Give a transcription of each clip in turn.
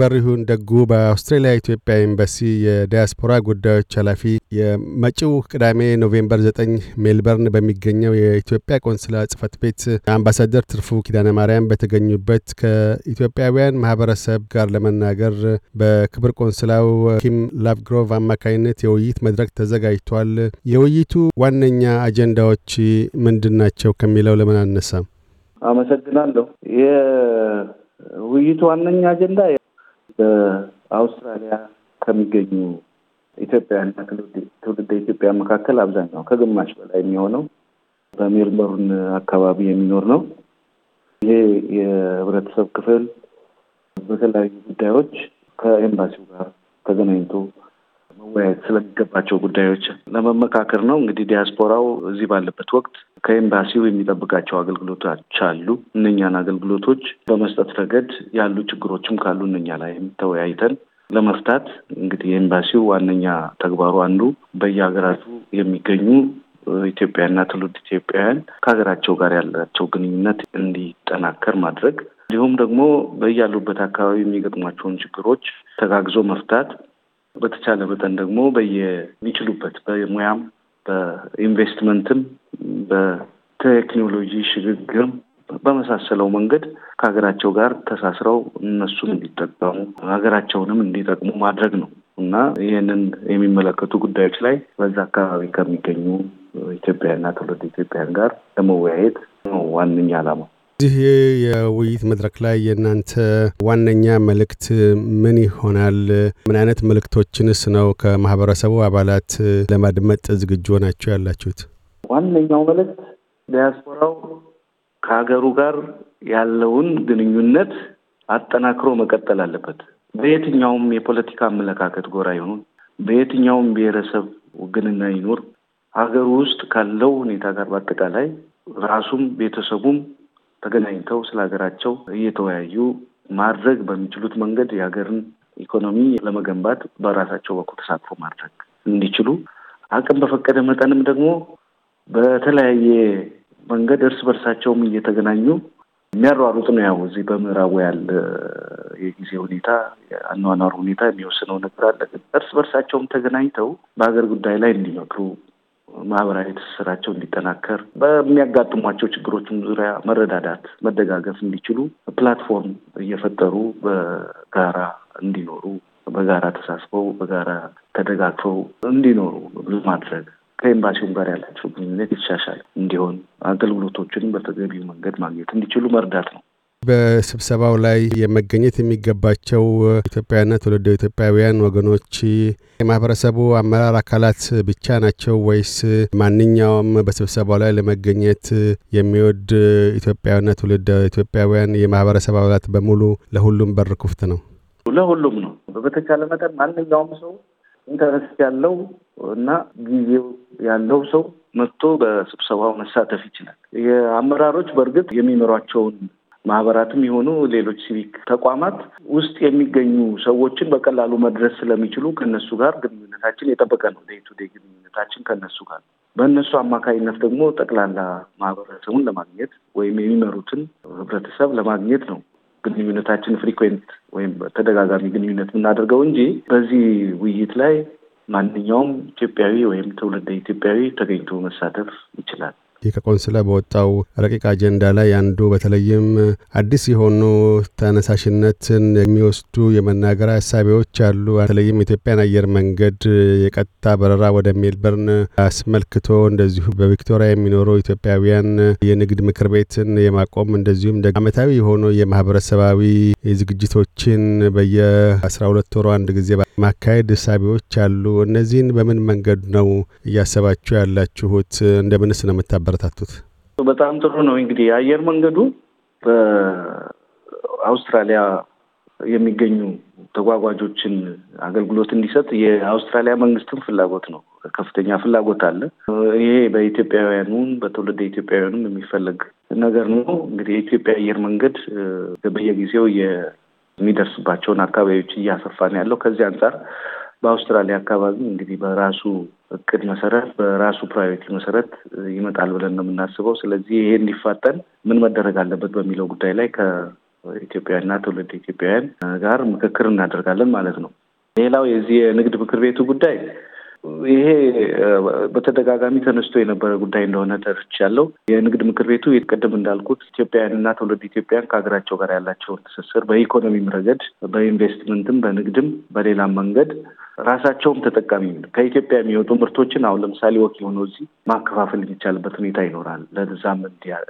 በሪሁን ደጉ በአውስትራሊያ ኢትዮጵያ ኤምባሲ የዲያስፖራ ጉዳዮች ኃላፊ፣ የመጪው ቅዳሜ ኖቬምበር 9 ሜልበርን በሚገኘው የኢትዮጵያ ቆንስላ ጽፈት ቤት አምባሳደር ትርፉ ኪዳነ ማርያም በተገኙበት ከኢትዮጵያውያን ማህበረሰብ ጋር ለመናገር በክብር ቆንስላው ኪም ላቭግሮቭ አማካኝነት የውይይት መድረክ ተዘጋጅቷል። የውይይቱ ዋነኛ አጀንዳዎች ምንድን ናቸው ከሚለው ለምን አነሳም? አመሰግናለሁ። የውይይቱ ዋነኛ አጀንዳ በአውስትራሊያ ከሚገኙ ኢትዮጵያና ትውልደ ኢትዮጵያ መካከል አብዛኛው ከግማሽ በላይ የሚሆነው በሜልበርን አካባቢ የሚኖር ነው። ይሄ የህብረተሰብ ክፍል በተለያዩ ጉዳዮች ከኤምባሲው ጋር ተገናኝቶ መወያየት ስለሚገባቸው ጉዳዮች ለመመካከር ነው። እንግዲህ ዲያስፖራው እዚህ ባለበት ወቅት ከኤምባሲው የሚጠብቃቸው አገልግሎቶች አሉ። እነኛን አገልግሎቶች በመስጠት ረገድ ያሉ ችግሮችም ካሉ እነኛ ላይም ተወያይተን ለመፍታት እንግዲህ የኤምባሲው ዋነኛ ተግባሩ አንዱ በየሀገራቱ የሚገኙ ኢትዮጵያና ትውልድ ኢትዮጵያውያን ከሀገራቸው ጋር ያላቸው ግንኙነት እንዲጠናከር ማድረግ እንዲሁም ደግሞ በያሉበት አካባቢ የሚገጥሟቸውን ችግሮች ተጋግዞ መፍታት በተቻለ መጠን ደግሞ በየሚችሉበት በሙያም በኢንቨስትመንትም በቴክኖሎጂ ሽግግርም በመሳሰለው መንገድ ከሀገራቸው ጋር ተሳስረው እነሱም እንዲጠቀሙ ሀገራቸውንም እንዲጠቅሙ ማድረግ ነው እና ይህንን የሚመለከቱ ጉዳዮች ላይ በዛ አካባቢ ከሚገኙ ኢትዮጵያና ትውልድ ኢትዮጵያን ጋር ለመወያየት ነው ዋነኛ ዓላማው። እዚህ የውይይት መድረክ ላይ የእናንተ ዋነኛ መልእክት ምን ይሆናል? ምን አይነት መልእክቶችንስ ነው ከማህበረሰቡ አባላት ለማድመጥ ዝግጁ ናቸው ያላችሁት? ዋነኛው መልእክት ዲያስፖራው ከሀገሩ ጋር ያለውን ግንኙነት አጠናክሮ መቀጠል አለበት። በየትኛውም የፖለቲካ አመለካከት ጎራ ይሁን፣ በየትኛውም ብሔረሰብ ውግንና ይኖር ሀገሩ ውስጥ ካለው ሁኔታ ጋር በአጠቃላይ ራሱም ቤተሰቡም ተገናኝተው ስለ ሀገራቸው እየተወያዩ ማድረግ በሚችሉት መንገድ የሀገርን ኢኮኖሚ ለመገንባት በራሳቸው በኩል ተሳትፎ ማድረግ እንዲችሉ አቅም በፈቀደ መጠንም ደግሞ በተለያየ መንገድ እርስ በርሳቸውም እየተገናኙ የሚያሯሩጥ ነው። ያው እዚህ በምዕራቡ ያለ የጊዜ ሁኔታ የአኗኗር ሁኔታ የሚወስነው ነገር አለ። ግን እርስ በርሳቸውም ተገናኝተው በሀገር ጉዳይ ላይ እንዲመክሩ ማህበራዊ ትስስራቸው እንዲጠናከር፣ በሚያጋጥሟቸው ችግሮችም ዙሪያ መረዳዳት፣ መደጋገፍ እንዲችሉ ፕላትፎርም እየፈጠሩ በጋራ እንዲኖሩ በጋራ ተሳስበው በጋራ ተደጋግፈው እንዲኖሩ ለማድረግ ከኤምባሲውም ጋር ያላቸው ግንኙነት የተሻሻለ እንዲሆን አገልግሎቶችን በተገቢው መንገድ ማግኘት እንዲችሉ መርዳት ነው። በስብሰባው ላይ የመገኘት የሚገባቸው ኢትዮጵያና ትውልደ ኢትዮጵያውያን ወገኖች የማህበረሰቡ አመራር አካላት ብቻ ናቸው ወይስ ማንኛውም በስብሰባው ላይ ለመገኘት የሚወድ ኢትዮጵያውያንና ትውልደ ኢትዮጵያውያን የማህበረሰብ አባላት በሙሉ ለሁሉም በር ክፍት ነው? ለሁሉም ነው። በተቻለ መጠን ማንኛውም ሰው ኢንተረስት ያለው እና ጊዜው ያለው ሰው መጥቶ በስብሰባው መሳተፍ ይችላል። የአመራሮች በእርግጥ የሚኖሯቸውን ማህበራትም የሆኑ ሌሎች ሲቪክ ተቋማት ውስጥ የሚገኙ ሰዎችን በቀላሉ መድረስ ስለሚችሉ ከነሱ ጋር ግንኙነታችን የጠበቀ ነው። ዴይ ቱ ዴይ ግንኙነታችን ከነሱ ጋር በእነሱ አማካኝነት ደግሞ ጠቅላላ ማህበረሰቡን ለማግኘት ወይም የሚመሩትን ህብረተሰብ ለማግኘት ነው ግንኙነታችን ፍሪኩዌንት ወይም ተደጋጋሚ ግንኙነት የምናደርገው እንጂ በዚህ ውይይት ላይ ማንኛውም ኢትዮጵያዊ ወይም ትውልደ ኢትዮጵያዊ ተገኝቶ መሳተፍ ይችላል። ይህ ከቆንስላ በወጣው ረቂቅ አጀንዳ ላይ አንዱ በተለይም አዲስ የሆኑ ተነሳሽነትን የሚወስዱ የመናገር ሀሳቢዎች አሉ። በተለይም ኢትዮጵያን አየር መንገድ የቀጥታ በረራ ወደ ሜልበርን አስመልክቶ እንደዚሁ በቪክቶሪያ የሚኖሩ ኢትዮጵያውያን የንግድ ምክር ቤትን የማቆም እንደዚሁም ዓመታዊ የሆኑ የማህበረሰባዊ ዝግጅቶችን አስራ ሁለት ወሮ አንድ ጊዜ ማካሄድ ሳቢዎች አሉ። እነዚህን በምን መንገድ ነው እያሰባችሁ ያላችሁት? እንደምንስ ነው የምታ ያበረታቱት? በጣም ጥሩ ነው። እንግዲህ የአየር መንገዱ በአውስትራሊያ የሚገኙ ተጓጓዦችን አገልግሎት እንዲሰጥ የአውስትራሊያ መንግስትም ፍላጎት ነው። ከፍተኛ ፍላጎት አለ። ይሄ በኢትዮጵያውያኑም በትውልድ ኢትዮጵያውያኑም የሚፈለግ ነገር ነው። እንግዲህ የኢትዮጵያ አየር መንገድ በየጊዜው የሚደርስባቸውን አካባቢዎች እያሰፋ ነው ያለው። ከዚህ አንጻር በአውስትራሊያ አካባቢ እንግዲህ በራሱ እቅድ መሰረት በራሱ ፕራዮሪቲ መሰረት ይመጣል ብለን ነው የምናስበው። ስለዚህ ይሄ እንዲፋጠን ምን መደረግ አለበት በሚለው ጉዳይ ላይ ከኢትዮጵያውያንና ትውልድ ኢትዮጵያውያን ጋር ምክክር እናደርጋለን ማለት ነው። ሌላው የዚህ የንግድ ምክር ቤቱ ጉዳይ ይሄ በተደጋጋሚ ተነስቶ የነበረ ጉዳይ እንደሆነ ተርቻለሁ። የንግድ ምክር ቤቱ ቅድም እንዳልኩት ኢትዮጵያውያንና ትውልድ ኢትዮጵያን ከሀገራቸው ጋር ያላቸውን ትስስር በኢኮኖሚም ረገድ በኢንቨስትመንትም፣ በንግድም በሌላም መንገድ ራሳቸውም ተጠቃሚ ከኢትዮጵያ የሚወጡ ምርቶችን አሁን ለምሳሌ ወኪ ሆኖ እዚህ ማከፋፈል የሚቻልበት ሁኔታ ይኖራል። ለዛም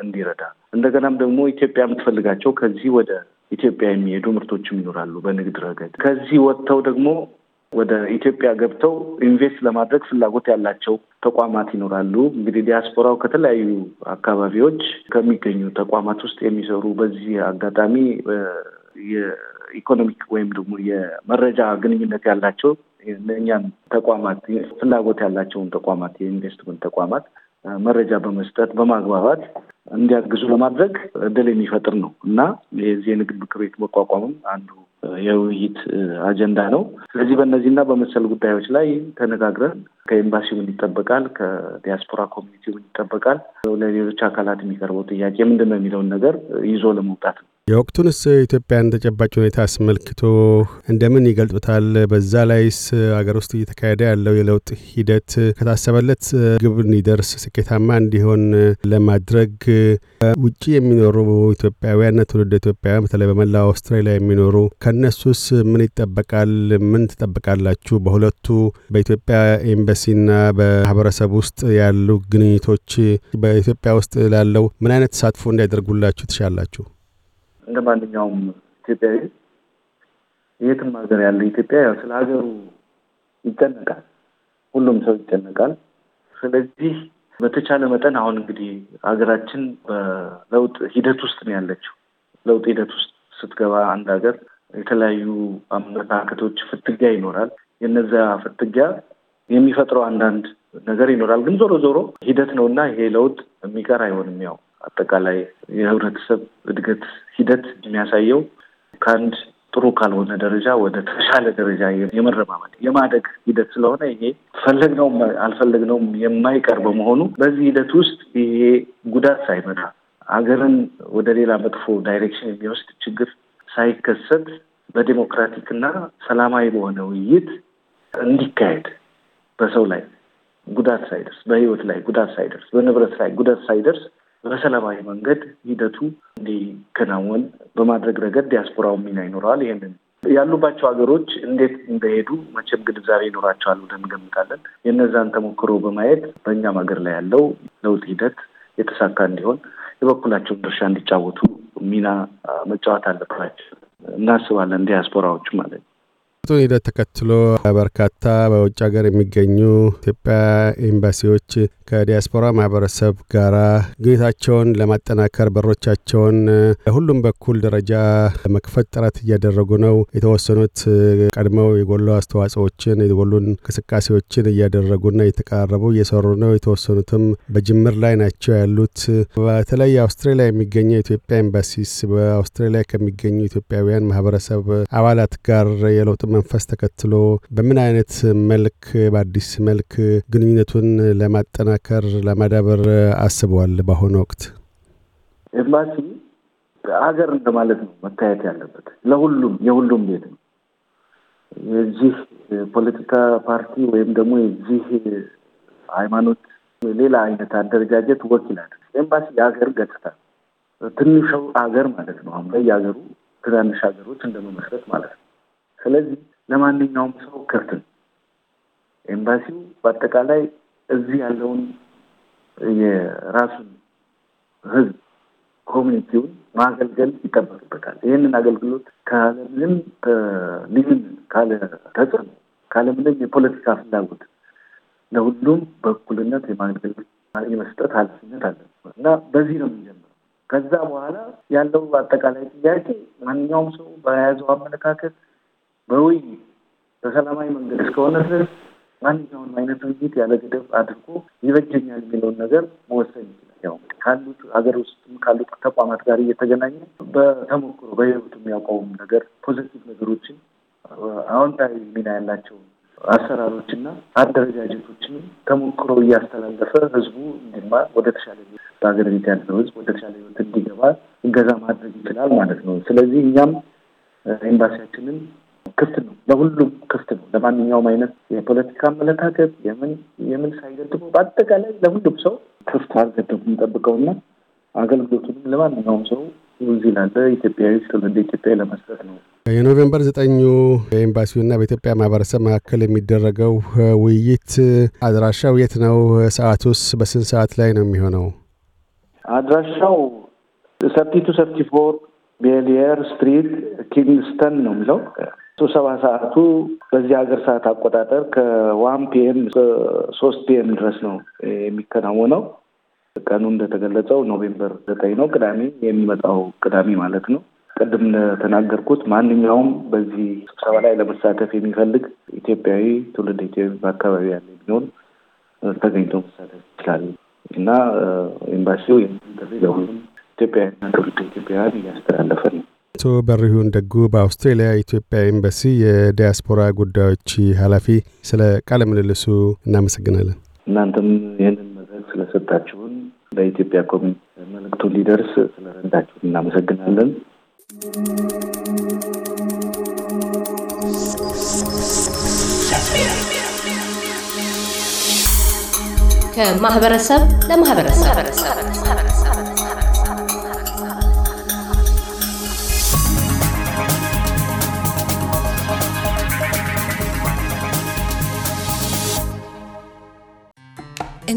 እንዲረዳ እንደገናም ደግሞ ኢትዮጵያ የምትፈልጋቸው ከዚህ ወደ ኢትዮጵያ የሚሄዱ ምርቶችም ይኖራሉ። በንግድ ረገድ ከዚህ ወጥተው ደግሞ ወደ ኢትዮጵያ ገብተው ኢንቨስት ለማድረግ ፍላጎት ያላቸው ተቋማት ይኖራሉ። እንግዲህ ዲያስፖራው ከተለያዩ አካባቢዎች ከሚገኙ ተቋማት ውስጥ የሚሰሩ በዚህ አጋጣሚ የኢኮኖሚክ ወይም ደግሞ የመረጃ ግንኙነት ያላቸው እነኛን ተቋማት ፍላጎት ያላቸውን ተቋማት የኢንቨስትመንት ተቋማት መረጃ በመስጠት በማግባባት እንዲያግዙ ለማድረግ እድል የሚፈጥር ነው እና የዚህ የንግድ ምክር ቤት መቋቋምም አንዱ የውይይት አጀንዳ ነው። ስለዚህ በእነዚህና በመሰል ጉዳዮች ላይ ተነጋግረን ከኤምባሲ ምን ይጠበቃል፣ ከዲያስፖራ ኮሚኒቲ ምን ይጠበቃል፣ ለሌሎች አካላት የሚቀርበው ጥያቄ ምንድን ነው የሚለውን ነገር ይዞ ለመውጣት ነው። የወቅቱንስ ኢትዮጵያን ተጨባጭ ሁኔታ አስመልክቶ እንደምን ይገልጡታል? በዛ ላይስ አገር ውስጥ እየተካሄደ ያለው የለውጥ ሂደት ከታሰበለት ግብ እንዲደርስ ስኬታማ እንዲሆን ለማድረግ ውጭ የሚኖሩ ኢትዮጵያውያንና ትውልድ ኢትዮጵያውያን በተለይ በመላ አውስትራሊያ የሚኖሩ ከነሱስ ምን ይጠበቃል? ምን ትጠብቃላችሁ? በሁለቱ በኢትዮጵያ ኤምባሲና በማህበረሰብ ውስጥ ያሉ ግንኙቶች በኢትዮጵያ ውስጥ ላለው ምን አይነት ተሳትፎ እንዲያደርጉላችሁ ትሻላችሁ? እንደ ማንኛውም ኢትዮጵያዊ የትም ሀገር ያለ ኢትዮጵያ ስለ ሀገሩ ይጨነቃል። ሁሉም ሰው ይጨነቃል። ስለዚህ በተቻለ መጠን አሁን እንግዲህ ሀገራችን በለውጥ ሂደት ውስጥ ነው ያለችው። ለውጥ ሂደት ውስጥ ስትገባ አንድ ሀገር የተለያዩ አመለካከቶች ፍትጊያ ይኖራል። የነዚያ ፍትጊያ የሚፈጥረው አንዳንድ ነገር ይኖራል። ግን ዞሮ ዞሮ ሂደት ነው እና ይሄ ለውጥ የሚቀር አይሆንም ያው አጠቃላይ የህብረተሰብ እድገት ሂደት የሚያሳየው ከአንድ ጥሩ ካልሆነ ደረጃ ወደ ተሻለ ደረጃ የመረማመድ የማደግ ሂደት ስለሆነ ይሄ ፈለግነውም አልፈለግነውም የማይቀር በመሆኑ በዚህ ሂደት ውስጥ ይሄ ጉዳት ሳይመጣ ሀገርን ወደ ሌላ መጥፎ ዳይሬክሽን የሚወስድ ችግር ሳይከሰት በዴሞክራቲክ እና ሰላማዊ በሆነ ውይይት እንዲካሄድ በሰው ላይ ጉዳት ሳይደርስ፣ በህይወት ላይ ጉዳት ሳይደርስ፣ በንብረት ላይ ጉዳት ሳይደርስ በሰላማዊ መንገድ ሂደቱ እንዲከናወን በማድረግ ረገድ ዲያስፖራው ሚና ይኖረዋል። ይህንን ያሉባቸው ሀገሮች እንዴት እንደሄዱ መቼም ግንዛቤ ይኖራቸዋል ብለን እንገምታለን። የእነዛን ተሞክሮ በማየት በእኛም ሀገር ላይ ያለው ለውጥ ሂደት የተሳካ እንዲሆን የበኩላቸውን ድርሻ እንዲጫወቱ ሚና መጫወት አለባቸው እናስባለን፣ ዲያስፖራዎች ማለት ነው። ቱን ሂደት ተከትሎ በርካታ በውጭ ሀገር የሚገኙ ኢትዮጵያ ኤምባሲዎች ከዲያስፖራ ማህበረሰብ ጋር ግኝታቸውን ለማጠናከር በሮቻቸውን ሁሉም በኩል ደረጃ መክፈት ጥረት እያደረጉ ነው። የተወሰኑት ቀድመው የጎሉ አስተዋጽኦችን የጎሉን እንቅስቃሴዎችን እያደረጉና እየተቀራረቡ እየሰሩ ነው። የተወሰኑትም በጅምር ላይ ናቸው ያሉት። በተለይ አውስትራሊያ የሚገኘው ኢትዮጵያ ኤምባሲስ በአውስትራሊያ ከሚገኙ ኢትዮጵያውያን ማህበረሰብ አባላት ጋር የለውጥ መንፈስ ተከትሎ በምን አይነት መልክ በአዲስ መልክ ግንኙነቱን ለማጠናከር ለማዳበር አስበዋል? በአሁኑ ወቅት ኤምባሲ ሀገር እንደማለት ነው መታየት ያለበት ለሁሉም የሁሉም ቤት ነው። የዚህ ፖለቲካ ፓርቲ ወይም ደግሞ የዚህ ሃይማኖት፣ ሌላ አይነት አደረጃጀት ወኪል አይደለም። ኤምባሲ የሀገር ገጽታ ትንሹ ሀገር ማለት ነው። አሁን ላይ የሀገሩ ትናንሽ ሀገሮች እንደመመስረት ማለት ነው። ስለዚህ ለማንኛውም ሰው ክፍት ነው። ኤምባሲው በአጠቃላይ እዚህ ያለውን የራሱን ህዝብ ኮሚኒቲውን ማገልገል ይጠበቅበታል። ይህንን አገልግሎት ካለምንም ሊምን ካለ ተጽዕኖ ካለምንም የፖለቲካ ፍላጎት ለሁሉም በእኩልነት የማገልገል የመስጠት ኃላፊነት አለ እና በዚህ ነው የሚጀምረው። ከዛ በኋላ ያለው አጠቃላይ ጥያቄ ማንኛውም ሰው በያዘው አመለካከት በውይይት በሰላማዊ መንገድ እስከሆነ ድረስ ማንኛውን አይነት ውይይት ያለ ገደብ አድርጎ ይበጀኛል የሚለውን ነገር መወሰን ይችላል። ያው ካሉት ሀገር ውስጥም ካሉት ተቋማት ጋር እየተገናኘ በተሞክሮ በህይወቱ የሚያውቀውም ነገር ፖዘቲቭ ነገሮችን አዎንታዊ ሚና ያላቸውን አሰራሮችና አደረጃጀቶችንም ተሞክሮ እያስተላለፈ ህዝቡ እንዲማር ወደ ተሻለ በሀገር ቤት ያለው ህዝብ ወደ ተሻለ ህይወት እንዲገባ እገዛ ማድረግ ይችላል ማለት ነው። ስለዚህ እኛም ኤምባሲያችንን ክፍት ነው፣ ለሁሉም ክፍት ነው። ለማንኛውም አይነት የፖለቲካ አመለካከት የምን የምን ሳይገድቡ በአጠቃላይ ለሁሉም ሰው ክፍት አድርገን የምንጠብቀውና አገልግሎቱንም ለማንኛውም ሰው እዚህ ላለ ኢትዮጵያዊ ትውልደ ኢትዮጵያ ለመስጠት ነው። የኖቬምበር ዘጠኙ ኤምባሲውና በኢትዮጵያ ማህበረሰብ መካከል የሚደረገው ውይይት አድራሻው የት ነው? ሰዓቱስ በስንት ሰዓት ላይ ነው የሚሆነው? አድራሻው ሰርቲ ቱ ሰርቲ ፎር ቤሊየር ስትሪት ኪንግስተን ነው የሚለው። ስብሰባ ሰዓቱ በዚህ ሀገር ሰዓት አቆጣጠር ከዋን ፒኤም ሶስት ፒኤም ድረስ ነው የሚከናወነው። ቀኑ እንደተገለጸው ኖቬምበር ዘጠኝ ነው፣ ቅዳሜ የሚመጣው ቅዳሜ ማለት ነው። ቅድም እንደተናገርኩት ማንኛውም በዚህ ስብሰባ ላይ ለመሳተፍ የሚፈልግ ኢትዮጵያዊ፣ ትውልድ ኢትዮጵያዊ በአካባቢ ያለ የሚሆን ተገኝቶ መሳተፍ ይችላል እና ኤምባሲው ጥሪ ለሁሉም ኢትዮጵያውያንና ትውልድ ኢትዮጵያውያን እያስተላለፈ ነው። አቶ በሪሁን ደጉ በአውስትሬሊያ ኢትዮጵያ ኤምባሲ የዲያስፖራ ጉዳዮች ኃላፊ፣ ስለ ቃለ ምልልሱ እናመሰግናለን። እናንተም ይህንን መድረክ ስለሰጣችሁን ለኢትዮጵያ ኮሚኒቲ መልእክቱ ሊደርስ ስለረዳችሁን እናመሰግናለን። ከማህበረሰብ ለማህበረሰብ